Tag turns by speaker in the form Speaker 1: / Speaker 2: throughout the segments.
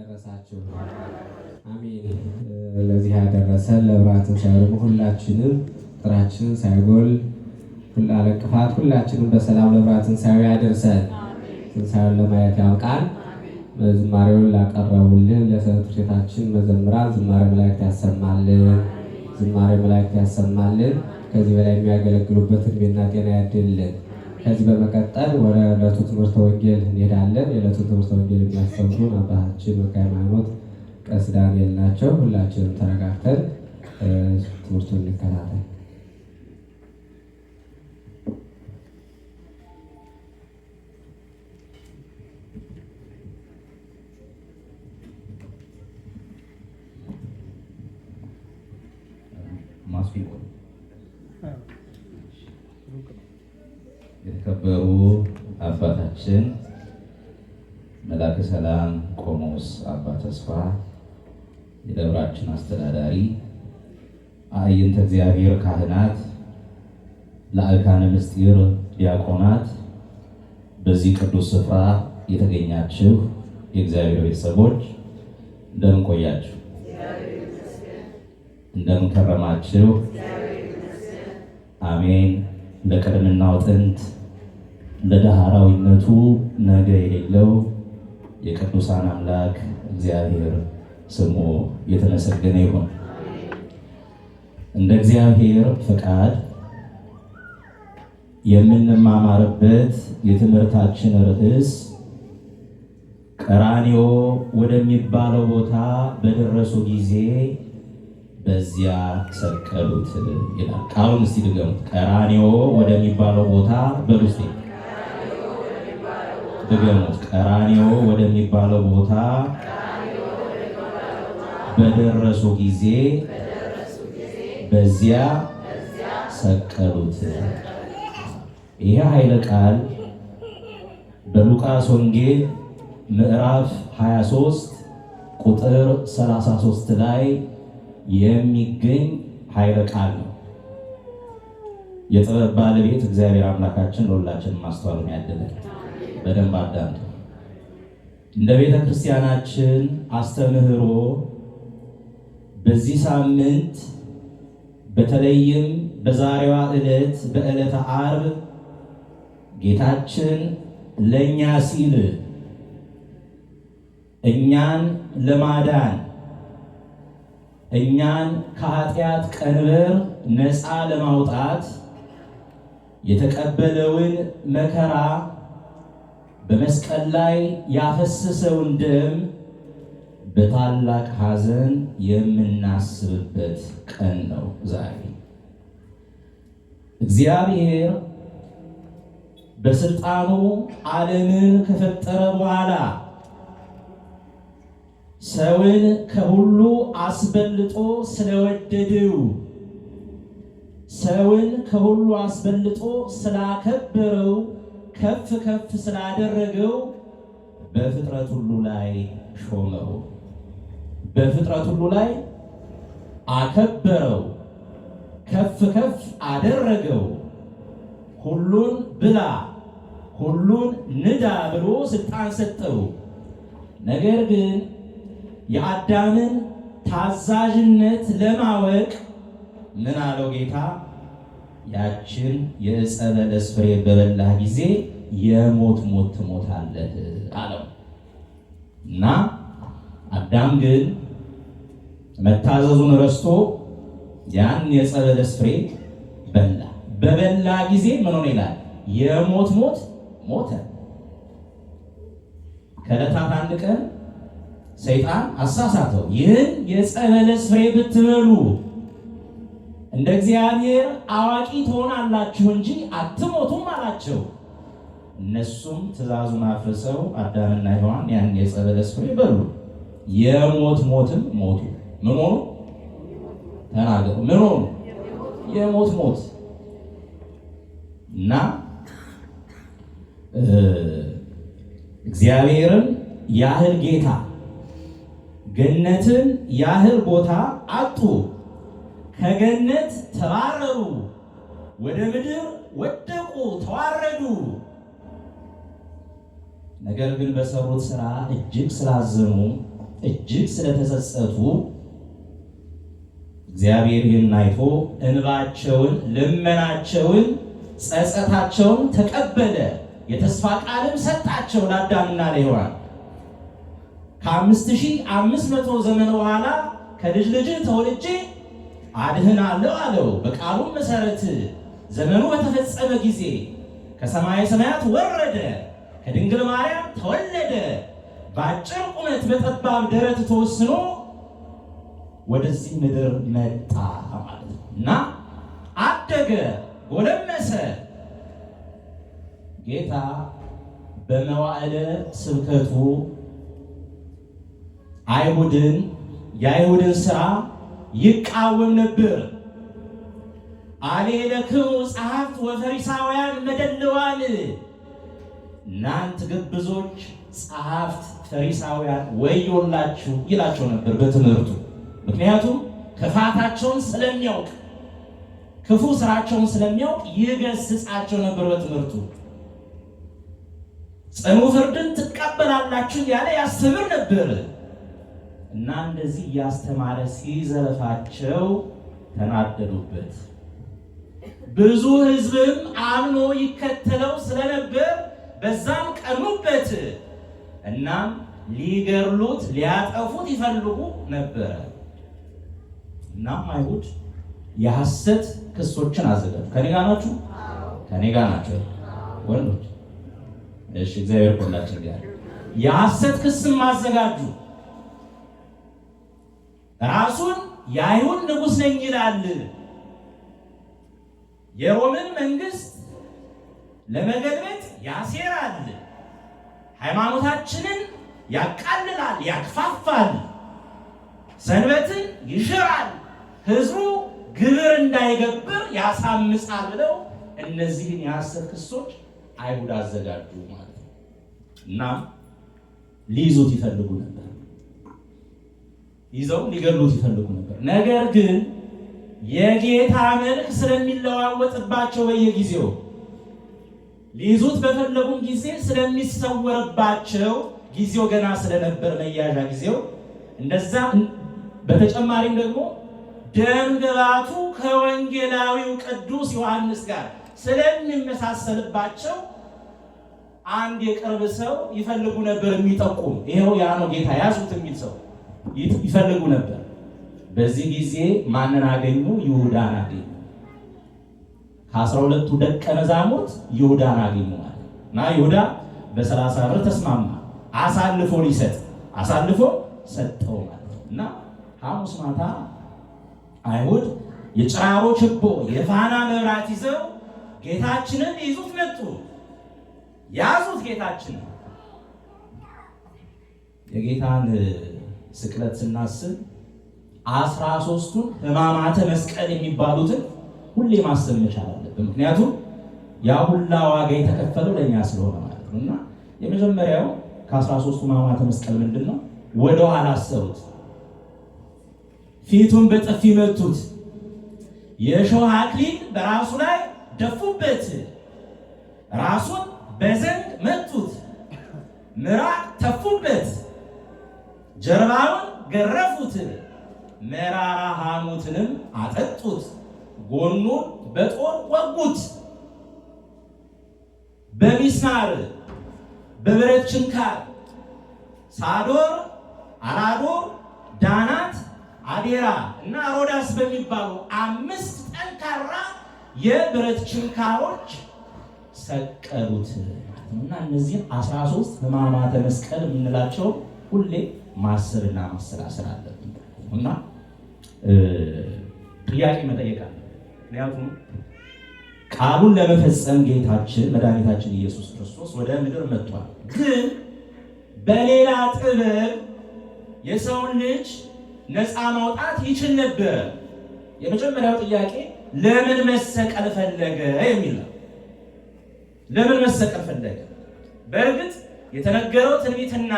Speaker 1: አደረሳችሁ። አሜን። ለዚህ ያደረሰ ለብራት ትንሣኤው ሁላችንም ጥራችን ሳይጎል አለቅፋት ሁላችንም በሰላም ለብርሃተ ትንሣኤው ያደርሰን። ትንሣኤውን ለማየት ያውቃል። ዝማሬውን ላቀረቡልን ለሰንትሬታችን መዘምራን ዝማሬ መላእክት ያሰማልን፣ ዝማሬ መላእክት ያሰማልን። ከዚህ በላይ የሚያገለግሉበት እድሜና ጤና ያድልን። ከዚህ በመቀጠል ወደ ዕለቱ ትምህርተ ወንጌል እንሄዳለን። የዕለቱ ትምህርተ ወንጌል የሚያስተምሩን አባታችን መጋቤ ሃይማኖት ቀሲስ ዳንኤል ናቸው። ሁላችንም ተረጋግተን ትምህርቱን እንከታተል። የተከበሩ አባታችን መላከ ሰላም ቆሞስ አባ ተስፋ የደብራችን አስተዳዳሪ፣ አእይንተ እግዚአብሔር ካህናት፣ ለአካነ ምስጢር ዲያቆናት፣ በዚህ ቅዱስ ስፍራ የተገኛችሁ የእግዚአብሔር ቤተሰቦች እንደምን ቆያችሁ? እንደምን ከረማችሁ? አሜን። ለቅድምናው ጥንት ለዳህራዊነቱ ነገ የሌለው የቅዱሳን አምላክ እግዚአብሔር ስሙ የተመሰገነ ይሁን። እንደ እግዚአብሔር ፈቃድ የምንማማርበት የትምህርታችን ርዕስ ቀራኒዮ ወደሚባለው ቦታ በደረሱ ጊዜ በዚያ ሰቀሉት ይላል። ቃሉን እስቲ ድገሙት። ቀራኒዮ ወደሚባለው ቦታ በሉስቴ ድገሙት። ቀራኒዮ ወደሚባለው ቦታ በደረሱ ጊዜ በዚያ ሰቀሉት። ይህ ኃይለ ቃል በሉቃስ ወንጌል ምዕራፍ 23 ቁጥር 33 ላይ የሚገኝ ኃይለ ቃል ነው። የጥበብ ባለቤት እግዚአብሔር አምላካችን ለሁላችን ማስተዋሉን ያደለን በደንብ አዳምጡ። እንደ ቤተ ክርስቲያናችን አስተምህሮ በዚህ ሳምንት በተለይም በዛሬዋ ዕለት በዕለተ ዓርብ ጌታችን ለእኛ ሲል እኛን ለማዳን እኛን ከኃጢአት ቀንበር ነፃ ለማውጣት የተቀበለውን መከራ በመስቀል ላይ ያፈሰሰውን ደም በታላቅ ሐዘን የምናስብበት ቀን ነው ዛሬ። እግዚአብሔር በስልጣኑ ዓለምን ከፈጠረ በኋላ ሰውን ከሁሉ አስበልጦ ስለወደደው ሰውን ከሁሉ አስበልጦ ስላከበረው ከፍ ከፍ ስላደረገው በፍጥረት ሁሉ ላይ ሾመው፣ በፍጥረት ሁሉ ላይ አከበረው፣ ከፍ ከፍ አደረገው። ሁሉን ብላ ሁሉን ንዳ ብሎ ስልጣን ሰጠው። ነገር ግን የአዳምን ታዛዥነት ለማወቅ ምን አለው ጌታ? ያችን የዕፀ በለስ ፍሬ በበላህ ጊዜ የሞት ሞት ትሞታለህ አለው እና አዳም ግን መታዘዙን ረስቶ ያን የዕፀ በለስ ፍሬ በላ። በበላ ጊዜ ምን ሆነ ይላል? የሞት ሞት ሞተ። ከዕለታት አንድ ቀን ሰይጣን አሳሳተው፣ ይህን የዕፀ በለስ ፍሬ ብትበሉ እንደ እግዚአብሔር አዋቂ ትሆናላችሁ እንጂ አትሞቱም አላቸው። እነሱም ትእዛዙን አፍርሰው አዳምና ሔዋን ያን የጸበለስ ፍሬ በሉ፣ የሞት ሞትም ሞቱ። ምን ሆኑ? ተናገሩ። ምን ሆኑ? የሞት ሞት እና እግዚአብሔርን ያህል ጌታ ገነትን ያህል ቦታ አጡ። ከገነት ተባረሩ፣ ወደ ምድር ወደቁ፣ ተዋረዱ። ነገር ግን በሰሩት ስራ እጅግ ስላዘኑ፣ እጅግ ስለተጸጸቱ እግዚአብሔር ይህን አይቶ እንባቸውን፣ ልመናቸውን፣ ጸጸታቸውን ተቀበለ። የተስፋ ቃልም ሰጣቸው ለአዳምና ለሔዋን ከአምስት ሺህ አምስት መቶ ዘመን በኋላ ከልጅ ልጅ ተወልጄ አድህናለሁ አለው። በቃሉም መሰረት ዘመኑ በተፈጸመ ጊዜ ከሰማይ ሰማያት ወረደ፣ ከድንግል ማርያም ተወለደ። በአጭር ቁመት በጠባብ ደረት ተወስኖ ወደዚህ ምድር መጣ ማለት ነው እና አደገ፣ ጎለመሰ። ጌታ በመዋዕለ ስብከቱ አይሁድን የአይሁድን ስራ ። ይቃወም ነበር። አሌለክሙ ጸሐፍት ወፈሪሳውያን መደለዋል። እናንት ግብዞች ጸሐፍት ፈሪሳውያን ወዮላችሁ ይላቸው ነበር በትምህርቱ። ምክንያቱም ክፋታቸውን ስለሚያውቅ ክፉ ስራቸውን ስለሚያውቅ ይገስጻቸው ነበር በትምህርቱ። ጽኑ ፍርድን ትቀበላላችሁ ያለ ያስተምር ነበር። እና እንደዚህ እያስተማረ ሲዘረፋቸው ተናደዱበት። ብዙ ሕዝብም አምኖ ይከተለው ስለነበር በዛም ቀኑበት። እናም ሊገርሉት ሊያጠፉት ይፈልጉ ነበረ። እናም አይሁድ የሐሰት ክሶችን አዘጋጁ። ከኔ ጋር ናችሁ? ከኔ ጋር ናቸው ወንዶች? እሺ፣ እግዚአብሔር ሁላችን ጋር የሐሰት ክስም አዘጋጁ። ራሱን የአይሁድ ንጉሥ ነኝ ይላል። የሮምን መንግስት ለመገልበጥ ያሴራል። ሃይማኖታችንን ያቃልላል፣ ያክፋፋል፣ ሰንበትን ይሽራል፣ ህዝቡ ግብር እንዳይገብር ያሳምጻል ብለው እነዚህን የሐሰት ክሶች አይሁድ አዘጋጁ ማለት ነው። እና ሊይዙት ይፈልጉ ነበር። ይዘው ሊገሉት ይፈልጉ ነበር። ነገር ግን የጌታ መልክ ስለሚለዋወጥባቸው በየጊዜው ሊይዙት በፈለጉም ጊዜ ስለሚሰወርባቸው ጊዜው ገና ስለነበር መያዣ ጊዜው እንደዛ። በተጨማሪም ደግሞ ደም ከወንጌላዊው ቅዱስ ዮሐንስ ጋር ስለሚመሳሰልባቸው አንድ የቅርብ ሰው ይፈልጉ ነበር የሚጠቁም። ይኸው ያ ነው ጌታ ያዙት የሚል ሰው ይፈልጉ ነበር። በዚህ ጊዜ ማንን አገኙ? ይሁዳን አገኙ። ከአስራ ሁለቱ ደቀ መዛሙርት ይሁዳን አገኙ ማለት እና ይሁዳ በሰላሳ ብር ተስማማ። አሳልፎ ሊሰጥ አሳልፎ ሰጠው ማለት ነው እና ሐሙስ ማታ አይሁድ የጭራሮ ችቦ የፋና መብራት ይዘው ጌታችንን ይዙት መጡ። ያዙት ጌታችንን የጌታን ስቅለት ስናስብ አስራ ሶስቱን ህማማተ መስቀል የሚባሉትን ሁሌ ማሰብ መቻል አለብን። ምክንያቱም ያ ሁላ ዋጋ የተከፈለው ለእኛ ስለሆነ ማለት ነው እና የመጀመሪያው ከአስራ ሶስቱ ህማማተ መስቀል ምንድን ነው? ወደኋላ አሰሩት፣ ፊቱን በጥፊ መቱት፣ የእሾህ አክሊል በራሱ ላይ ደፉበት፣ ራሱን በዘንግ መቱት፣ ምራቅ ተፉበት ጀርባውን ገረፉት፣ መራራ ሐሞትንም አጠጡት፣ ጎኑን በጦር ወጉት፣ በሚስማር በብረት ችንካር ሳዶር፣ አራዶር፣ ዳናት፣ አዴራ እና ሮዳስ በሚባሉ አምስት ጠንካራ የብረት ችንካሮች ሰቀሉት እና እነዚህ 13 ሕማማተ መስቀል የምንላቸው ሁሌ ማሰብና ማሰላሰል አለብን እና ጥያቄ መጠየቅ አለ። ምክንያቱም ቃሉን ለመፈጸም ጌታችን መድኃኒታችን ኢየሱስ ክርስቶስ ወደ ምድር መጥቷል። ግን በሌላ ጥበብ የሰውን ልጅ ነፃ ማውጣት ይችል ነበር። የመጀመሪያው ጥያቄ ለምን መሰቀል ፈለገ የሚል ነው። ለምን መሰቀል ፈለገ? በእርግጥ የተነገረው ትንቢትና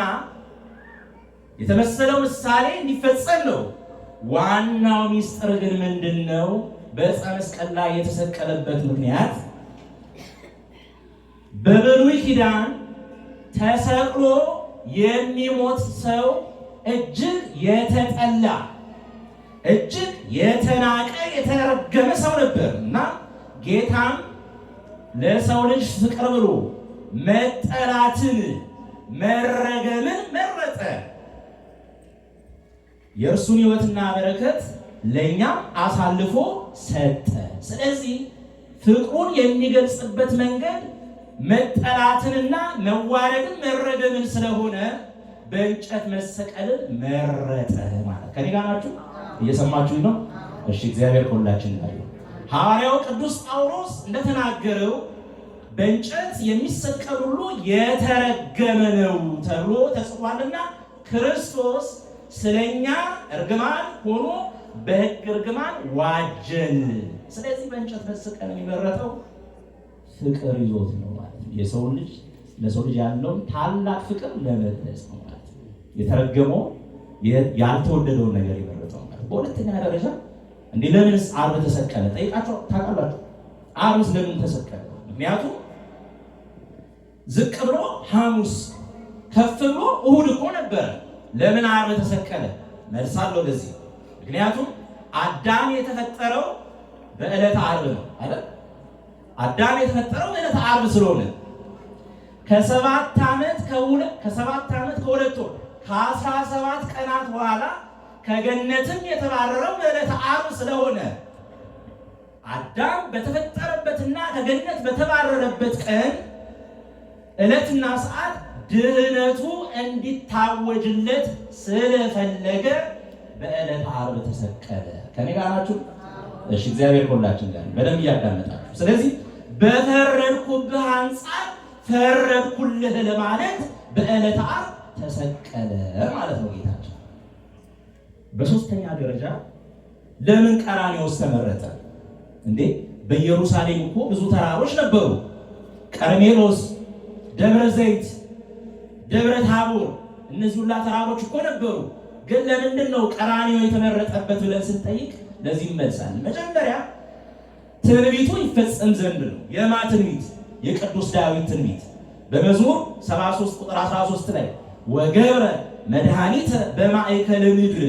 Speaker 1: የተመሰለው ምሳሌ እንዲፈጸም ነው። ዋናው ሚስጥር ግን ምንድን ነው? በዕፀ መስቀል ላይ የተሰቀለበት ምክንያት በብሉይ ኪዳን ተሰቅሎ የሚሞት ሰው እጅግ የተጠላ እጅግ የተናቀ የተረገመ ሰው ነበር እና ጌታም ለሰው ልጅ ፍቅር ብሎ መጠላትን መረገምን መረጠ። የእርሱን ሕይወትና በረከት ለእኛ አሳልፎ ሰጠ። ስለዚህ ፍቅሩን የሚገልጽበት መንገድ መጠላትንና መዋረድን መረገምን ስለሆነ በእንጨት መሰቀልን መረጠ ማለት ከኔ ጋር ናችሁ? እየሰማችሁ ነው? እሺ፣ እግዚአብሔር ከሁላችን ጋር ሐዋርያው ቅዱስ ጳውሎስ እንደተናገረው በእንጨት የሚሰቀል ሁሉ የተረገመ ነው ተብሎ ተጽፏልና ክርስቶስ ስለኛ እርግማን ሆኖ በህግ እርግማን ዋጀን። ስለዚህ በእንጨት መስቀል የሚመረጠው ፍቅር ይዞት ነው ማለት ነው። የሰው ልጅ ለሰው ልጅ ያለውን ታላቅ ፍቅር ለመለስ ነው ማለት ነው። የተረገመው ያልተወደደውን ነገር የመረጠው ማለት በሁለተኛ ደረጃ እንዲህ ለምንስ አርብ ተሰቀለ ጠይቃቸው ታውቃላችሁ? አርብስ ለምን ተሰቀለ? ምክንያቱም ዝቅ ብሎ ሐሙስ ከፍ ብሎ እሁድ እኮ ነበረ ለምን አርብ ተሰቀለ? መልስ አለው ለዚህ። ምክንያቱም አዳም የተፈጠረው በዕለተ አርብ ነው አይደል? አዳም የተፈጠረው በዕለተ አርብ ስለሆነ ከሰባት ዓመት ከሁለት ከሰባት ዓመት ከሁለት ወር ከአስራ ሰባት ቀናት በኋላ ከገነትም የተባረረው በዕለተ አርብ ስለሆነ አዳም በተፈጠረበትና ከገነት በተባረረበት ቀን ዕለትና ሰዓት ድህነቱ እንዲታወጅለት ስለፈለገ በዕለት ዓርብ ተሰቀለ። ከኔ ጋር ናችሁ? እሺ፣ እግዚአብሔር ሁላችን ጋር በደንብ እያዳመጣችሁ። ስለዚህ በፈረድኩብህ አንጻር ፈረድኩልህ ለማለት በዕለት ዓርብ ተሰቀለ ማለት ነው ጌታችን። በሶስተኛ ደረጃ ለምን ቀራኔዎስ ተመረጠ እንዴ? በኢየሩሳሌም እኮ ብዙ ተራሮች ነበሩ። ቀርሜሎስ፣ ደብረ ዘይት ደብረ ታቦር እነዚህ ሁላ ተራሮች እኮ ነበሩ። ግን ለምንድን ነው ቀራንዮ የተመረጠበት ብለን ስንጠይቅ ለዚህ ይመልሳል። መጀመሪያ ትንቢቱ ይፈጸም ዘንድ ነው። የማ ትንቢት? የቅዱስ ዳዊት ትንቢት በመዝሙር 73 ቁጥር 13 ላይ ወገብረ መድኃኒት በማእከል ምድር፣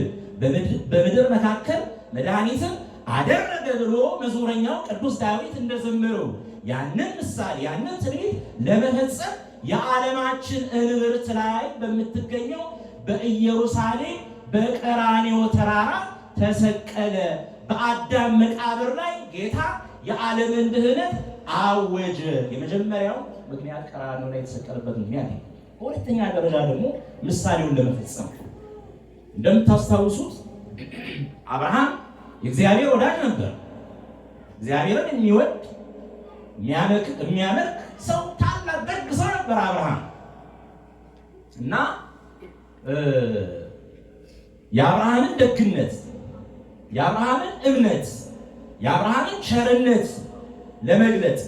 Speaker 1: በምድር መካከል መድኃኒትን አደረገ ብሎ መዝሙረኛው ቅዱስ ዳዊት እንደዘመረው ያንን ምሳሌ ያንን ትንቢት ለመፈጸም የዓለማችን እልብርት ላይ በምትገኘው በኢየሩሳሌም በቀራኔው ተራራ ተሰቀለ። በአዳም መቃብር ላይ ጌታ የዓለምን ድህነት አወጀ። የመጀመሪያው ምክንያት ቀራኔው ላይ የተሰቀለበት ምክንያት ነው። በሁለተኛ ደረጃ ደግሞ ምሳሌውን ለመፈጸም እንደምታስታውሱት አብርሃም የእግዚአብሔር ወዳጅ ነበር። እግዚአብሔርን የሚወድ የሚያመልክ ሰው ታላቅ ደግ ሰው ነበር አብርሃም እና የአብርሃምን ደግነት የአብርሃምን እምነት የአብርሃምን ቸርነት ለመግለጥ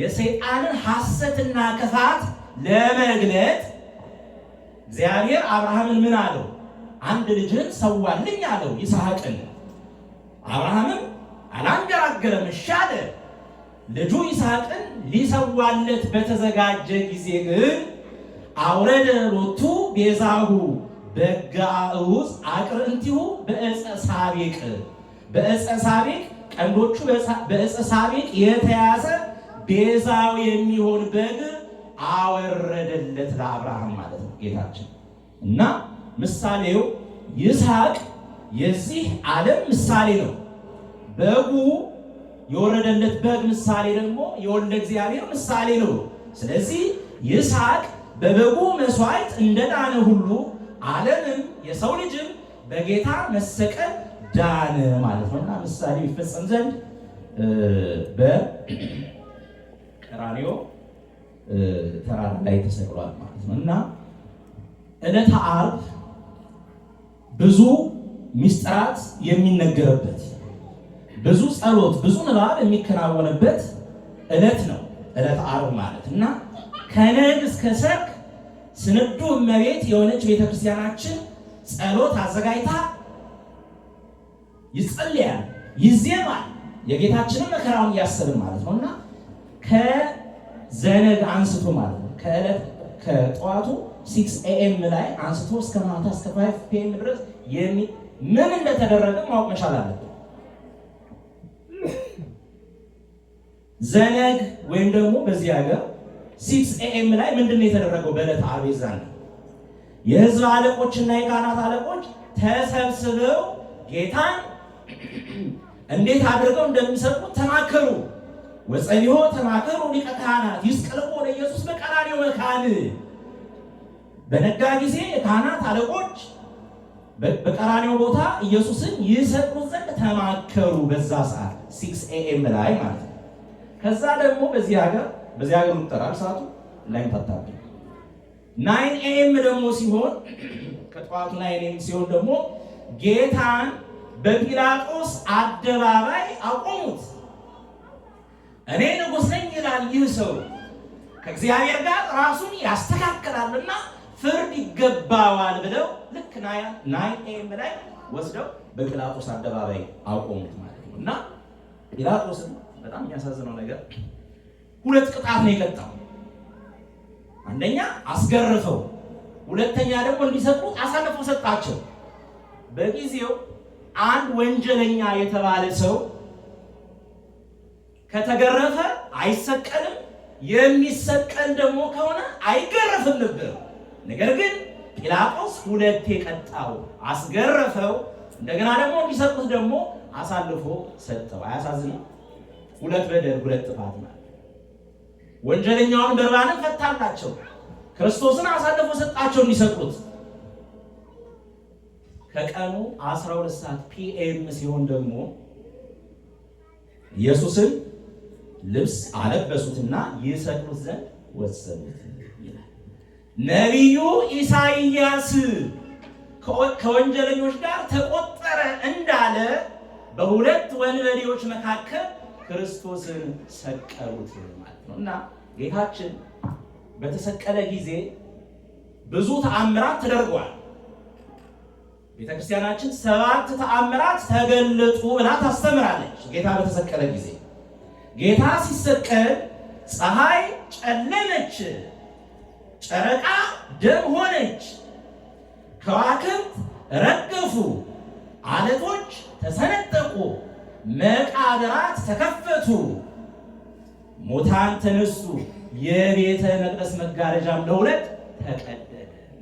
Speaker 1: የሰይጣንን ሐሰትና ክፋት ለመግለጥ እግዚአብሔር አብርሃምን ምን አለው? አንድ ልጅህን ሰዋልኝ አለው፣ ይስሐቅን። አብርሃምም አላንገራገረም፣ እሺ አለ። ልጁ ይስሐቅን ሊሰዋለት በተዘጋጀ ጊዜ ግን አውረደ ሎቱ ቤዛሁ በጋውዝ አቅርንቲሁ እንቲሁ በእፀ ሳቤቅ በእፀ ሳቤቅ ቀንዶቹ በእፀ ሳቤቅ የተያዘ ቤዛው የሚሆን በግ አወረደለት ለአብርሃም ማለት ነው ጌታችን እና ምሳሌው ይስሐቅ የዚህ ዓለም ምሳሌ ነው በጉ የወረደለት በግ ምሳሌ ደግሞ የወልደ እግዚአብሔር ምሳሌ ነው። ስለዚህ ይስሐቅ በበጉ መስዋዕት እንደዳነ ሁሉ ዓለምም የሰው ልጅም በጌታ መሰቀል ዳነ ማለት ነው እና ምሳሌ ይፈጸም ዘንድ በቀራንዮ ተራራ ላይ ተሰቅሏል ማለት ነው እና ዕለተ ዓርብ ብዙ ምስጢራት የሚነገርበት ብዙ ጸሎት፣ ብዙ ንባብ የሚከናወንበት ዕለት ነው። ዕለት ዓርብ ማለት እና ከነግ እስከ ሰርክ ስንዱ እመቤት የሆነች ቤተክርስቲያናችን ጸሎት አዘጋጅታ ይጸልያል፣ ይዜማል። የጌታችንን መከራውን እያሰብን ማለት ነው እና ከዘነግ አንስቶ ማለት ነው ከዕለት ከጠዋቱ ሲክስ ኤኤም ላይ አንስቶ እስከ ማታ እስከ ፋይቭ ፒኤም ድረስ ምን እንደተደረገ ማወቅ መቻል አለብን። ዘነግ ወይም ደግሞ በዚህ ሀገር ሲክስ ኤኤም ላይ ምንድን ነው የተደረገው? በዕለተ አቤዛ ነው። የህዝብ አለቆችና የካህናት አለቆች ተሰብስበው ጌታን እንዴት አድርገው እንደሚሰጡ ተማከሩ። ወጸሊሆ ተማከሩ ሊቀ ካህናት ይስቀልቆ ለኢየሱስ በቀራንዮ መካን። በነጋ ጊዜ የካህናት አለቆች በቀራንዮ ቦታ ኢየሱስን ይሰጡት ዘንድ ተማከሩ። በዛ ሰዓት ሲክስ ኤኤም ላይ ማለት ነው። ከዛ ደግሞ በዚህ ሀገር በዚህ ሀገር ይጠራል ሰዓቱ እንዳይፈታብኝ ናይን ኤም ደግሞ ሲሆን ከጠዋቱ ናይን ኤም ሲሆን ደግሞ ጌታን በጲላጦስ አደባባይ አቆሙት። እኔ ንጉሥ ነኝ ይላል ይህ ሰው ከእግዚአብሔር ጋር ራሱን ያስተካከላልና ፍርድ ይገባዋል ብለው ልክ ናይን ኤም ላይ ወስደው በጲላጦስ አደባባይ አቆሙት ማለት ነው እና ጲላጦስን በጣም የሚያሳዝነው ነገር ሁለት ቅጣት ነው የቀጣው። አንደኛ አስገርፈው፣ ሁለተኛ ደግሞ እንዲሰጡ አሳልፎ ሰጣቸው። በጊዜው አንድ ወንጀለኛ የተባለ ሰው ከተገረፈ አይሰቀልም፣ የሚሰቀል ደግሞ ከሆነ አይገረፍም ነበር። ነገር ግን ጲላጦስ ሁለት የቀጣው አስገረፈው፣ እንደገና ደግሞ እንዲሰጡት ደግሞ አሳልፎ ሰጠው። አያሳዝንም? ሁለት በደል ሁለት ጥፋት ማለት ወንጀለኛውን በርባንን ፈታላቸው፣ ክርስቶስን አሳልፎ ሰጣቸው የሚሰጡት ከቀኑ 12 ሰዓት ፒኤም ሲሆን ደግሞ ኢየሱስን ልብስ አለበሱትና ይሰቅሉት ዘንድ ወሰኑት ይላል። ነቢዩ ኢሳይያስ ከወንጀለኞች ጋር ተቆጠረ እንዳለ በሁለት ወንበዴዎች መካከል ክርስቶስን ሰቀሉት ማለት ነው እና ጌታችን በተሰቀለ ጊዜ ብዙ ተአምራት ተደርጓል። ቤተክርስቲያናችን ሰባት ተአምራት ተገለጡ ብላ ታስተምራለች። ጌታ በተሰቀለ ጊዜ ጌታ ሲሰቀል ፀሐይ ጨለመች፣ ጨረቃ ደም ሆነች፣ ከዋክብት ረገፉ፣ አለቶች ተሰነጠቁ መቃብራት ተከፈቱ፣ ሙታን ተነሱ፣ የቤተ መቅደስ መጋረጃም ለሁለት ተቀደደ።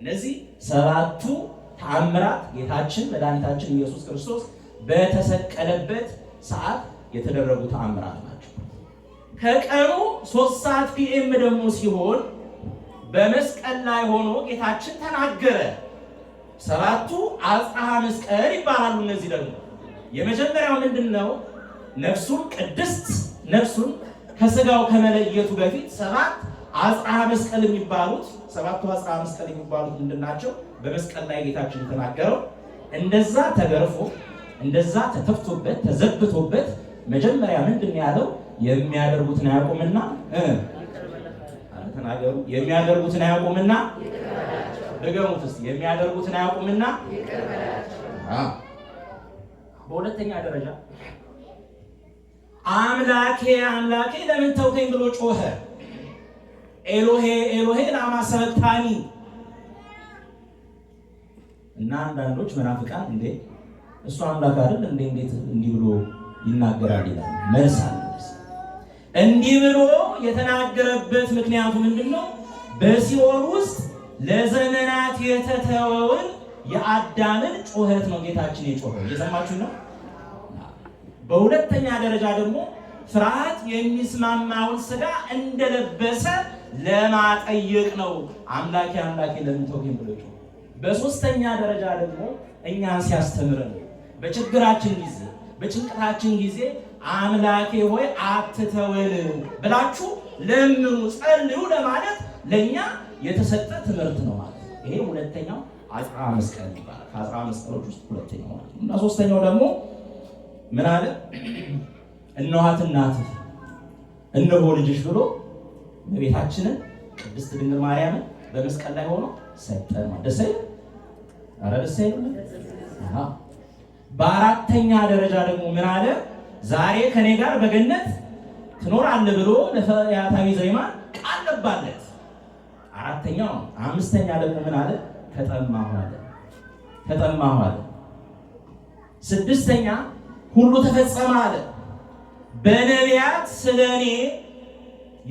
Speaker 1: እነዚህ ሰባቱ ተአምራት ጌታችን መድኃኒታችን ኢየሱስ ክርስቶስ በተሰቀለበት ሰዓት የተደረጉ ተአምራት ናቸው። ከቀኑ ሶስት ሰዓት ፒኤም ደግሞ ሲሆን በመስቀል ላይ ሆኖ ጌታችን ተናገረ። ሰባቱ አጽሐ መስቀል ይባላሉ። እነዚህ ደግሞ የመጀመሪያው ምንድን ነው? ነፍሱን ቅድስት ነፍሱን ከስጋው ከመለየቱ በፊት ሰባት አጽራ መስቀል የሚባሉት ሰባቱ አጽራ መስቀል የሚባሉት ምንድን ናቸው? በመስቀል ላይ ጌታችን የተናገረው እንደዛ ተገርፎ እንደዛ ተተፍቶበት ተዘብቶበት መጀመሪያ ምንድን ያለው የሚያደርጉትን አያውቁምና ተናገሩ። የሚያደርጉትን አያውቁምና ድገሙት። የሚያደርጉትን አያውቁምና በሁለተኛ ደረጃ አምላኬ አምላኬ ለምን ተውከኝ ብሎ ጮኸ። ኤሎሄ ኤሎሄ ላማ ሰበቅታኒ። እና አንዳንዶች መናፍቃን እንዴ እሱ አምላክ አይደል እንዴ እንዴት እንዲህ ብሎ ይናገራል ይላል። መልስ አለ። እንዲህ ብሎ የተናገረበት ምክንያቱ ምንድን ነው? በሲኦል ውስጥ ለዘመናት የተተወውን የአዳምን ጩኸት ነው ጌታችን የጮኸው። እየሰማችሁ ነው። በሁለተኛ ደረጃ ደግሞ ፍርሃት የሚስማማውን ስጋ እንደለበሰ ለማጠየቅ ነው። አምላኬ አምላኬ ለምን ተውከኝ ብሎ ጮኸ። በሶስተኛ ደረጃ ደግሞ እኛ ሲያስተምረን በችግራችን ጊዜ በጭንቀታችን ጊዜ አምላኬ ሆይ አትተወን ብላችሁ ለምኑ፣ ጸልዩ ለማለት ለእኛ የተሰጠ ትምህርት ነው ማለት ይሄ ሁለተኛው አጽራ መስቀል ይባላል። ከአጽራ መስቀሎች ውስጥ ሁለተኛው ማለት ነው። እና ሶስተኛው ደግሞ ምን አለ? እነኋት እናትህ እነሆ ልጅሽ ብሎ እመቤታችንን ቅድስት ድንግል ማርያምን በመስቀል ላይ ሆኖ ሰጠን። ደስ አይልም? ኧረ ደስ አይልም? በአራተኛ ደረጃ ደግሞ ምን አለ? ዛሬ ከኔ ጋር በገነት ትኖራለህ ብሎ ለፈያታዊ ዘይማን ቃል ገባለት። አራተኛው አምስተኛ ደግሞ ምን አለ? ተጠማሁ አለ። ተጠማሁ አለ። ስድስተኛ ሁሉ ተፈጸመ አለ። በነቢያት ስለ እኔ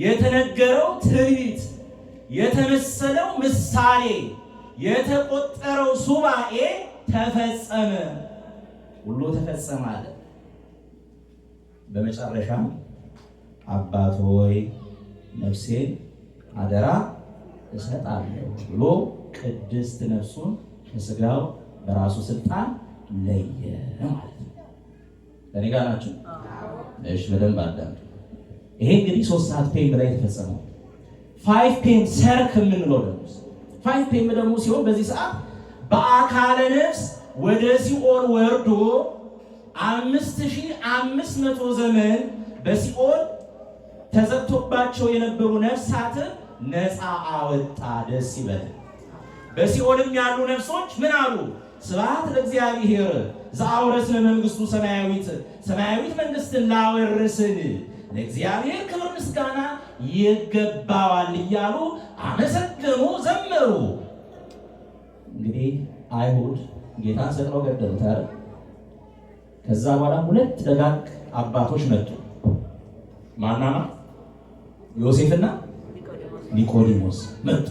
Speaker 1: የተነገረው ትንቢት፣ የተመሰለው ምሳሌ፣ የተቆጠረው ሱባኤ ተፈጸመ። ሁሉ ተፈጸመ አለ። በመጨረሻም አባት ሆይ ነፍሴን አደራ እሰጣለሁ ብሎ ቅድስት ነፍሱን ከስጋው በራሱ ስልጣን ለየ ማለት ነው። እኔ ጋር ናችሁ? እሺ፣ በደንብ አዳምጡ። ይሄ እንግዲህ ሶስት ሰዓት ፔም ላይ የተፈጸመው ፋይቭ ፔም ሰርክ የምንለው ደግሞ ፋይቭ ፔም ደግሞ ሲሆን በዚህ ሰዓት በአካለ ነፍስ ወደ ሲኦል ወርዶ አምስት ሺህ አምስት መቶ ዘመን በሲኦል ተዘግቶባቸው የነበሩ ነፍሳትን ነፃ አወጣ። ደስ ይበል። በሲኦልም ያሉ ነፍሶች ምን አሉ? ስብሐት ለእግዚአብሔር ዘአውረስነ መንግሥቱ ሰማያዊት ሰማያዊት መንግሥትን ላወርስን ለእግዚአብሔር ክብር ምስጋና ይገባዋል እያሉ አመሰገኑ፣ ዘመሩ። እንግዲህ አይሁድ ጌታን ሰቅለው ገደሉታል። ከዛ በኋላ ሁለት ደጋግ አባቶች መጡ። ማናማ ዮሴፍና ኒቆዲሞስ መጡ።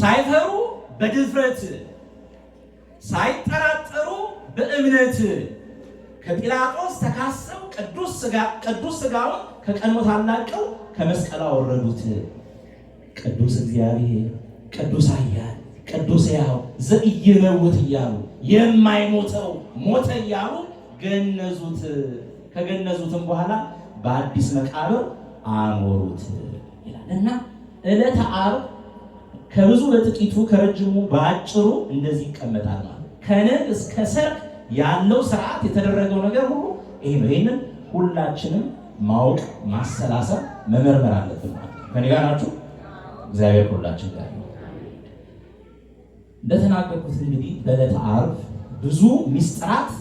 Speaker 1: ሳይፈሩ በድፍረት ሳይጠራጠሩ በእምነት ከጲላጦስ ተካሰው ቅዱስ ስጋውን ከቀኖት አላቀው ከመስቀል አወረዱት። ቅዱስ እግዚአብሔር ቅዱስ አያል፣ ቅዱስ ያው ዘኢይመውት እያሉ የማይሞተው ሞተ እያሉ ገነዙት። ከገነዙትም በኋላ በአዲስ መቃብር አኖሩት ይላል እና ዕለተ ዓርብ ከብዙ በጥቂቱ ከረጅሙ በአጭሩ እንደዚህ ይቀመጣል ማለት ከንግ እስከ ሰርክ ያለው ስርዓት የተደረገው ነገር ሁሉ ይሄ ነው። ይህንን ሁላችንም ማወቅ ማሰላሰል መመርመር አለብን ማለት ነው። ከኔ ጋር ናችሁ? እግዚአብሔር ሁላችን ጋር ነው። እንደተናገርኩት እንግዲህ በዕለተ ዓርብ ብዙ ሚስጥራት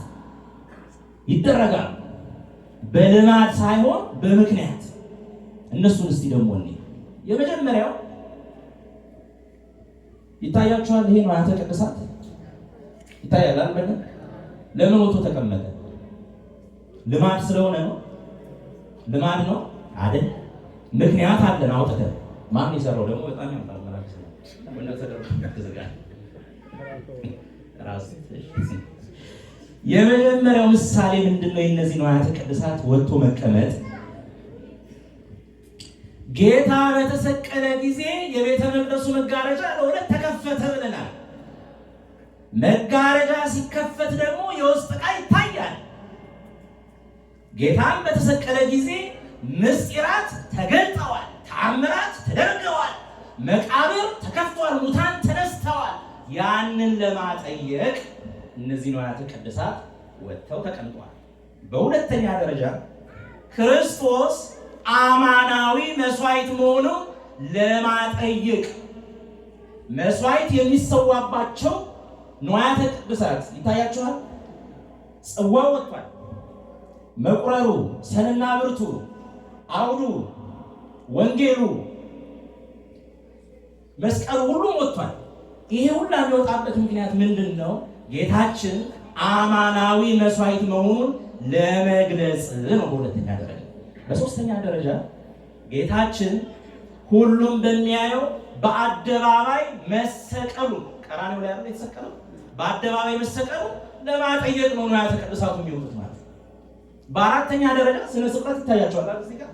Speaker 1: ይደረጋል። በልማድ ሳይሆን በምክንያት እነሱን እስቲ ደግሞ እኔ የመጀመሪያው ይታያችኋል። ይሄ ነው አያተ ቅድሳት ይታያል። አልበለ ለምን ወጥቶ ተቀመጠ? ልማድ ስለሆነ ነው። ልማድ ነው አይደል? ምክንያት አለን አውጥተን ማን የሰራው ደግሞ በጣም ያምራል። የመጀመሪያው ምሳሌ ምንድነው? ምንድን ነው? የእነዚህ ቅድሳት ወጥቶ መቀመጥ ጌታ በተሰቀለ ጊዜ የቤተ መቅደሱ መጋረጃ ለሁለት ተከፈተ ብለናል። መጋረጃ ሲከፈት ደግሞ የውስጥ ዕቃ ይታያል። ጌታም በተሰቀለ ጊዜ ምስጢራት ተገልጠዋል፣ ተአምራት ተደርገዋል፣ መቃብር ተከፍቷል፣ ሙታን ተነስተዋል። ያንን ለማጠየቅ እነዚህ ንዋያተ ቅድሳት ወጥተው ተቀምጠዋል። በሁለተኛ ደረጃ ክርስቶስ አማናዊ መስዋዕት መሆኑ ለማጠየቅ መስዋዕት የሚሰዋባቸው ንዋያተ ቅድሳት ይታያችኋል። ጽዋ ወጥቷል። መቁረሩ፣ ሰንና ብርቱ፣ አውዱ፣ ወንጌሉ፣ መስቀሉ ሁሉም ወጥቷል። ይሄ ሁላ የሚወጣበት ምክንያት ምንድን ነው? ጌታችን አማናዊ መስዋዕት መሆኑን ለመግለጽ ነው። በሁለተኛ ደረጃ በሶስተኛ ደረጃ ጌታችን ሁሉም በሚያየው በአደባባይ መሰቀሉ ቀራኔው ላይ ያለ የተሰቀለው በአደባባይ መሰቀሉ ለማጠየቅ ነው ንዋያተ ቅድሳቱ የሚወጡት ማለት ነው። በአራተኛ ደረጃ ስነ ስቅለት ይታያቸዋል። እዚህ ጋር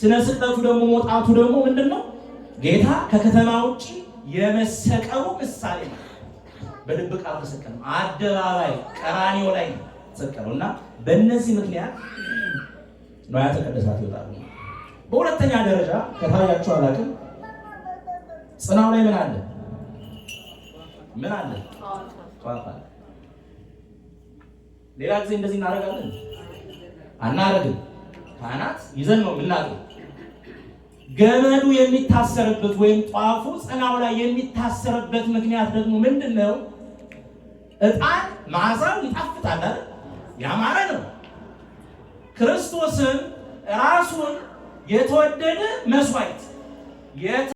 Speaker 1: ስነ ስቅለቱ ደግሞ መውጣቱ ደግሞ ምንድን ነው? ጌታ ከከተማ ውጭ የመሰቀሉ ምሳሌ ነው። በድብቅ አልተሰቀለም፣ አደባባይ ቀራኔው ላይ ተሰቀሉ እና በእነዚህ ምክንያት ንዋያተ ቅድሳት ይወጣሉ። በሁለተኛ ደረጃ ከታያችሁ አላውቅም፣ ጽናው ላይ ምን አለ? ምን አለ? ጠዋት ሌላ ጊዜ እንደዚህ እናደርጋለን አናደርግም። ካህናት ይዘን ነው የምናውቀው። ገመዱ የሚታሰርበት ወይም ጧፉ ጽናው ላይ የሚታሰርበት ምክንያት ደግሞ ምንድን ነው? እጣን መዓዛው ይጣፍጣል፣ ያማረ ነው ክርስቶስን ራሱን የተወደደ መስዋዕት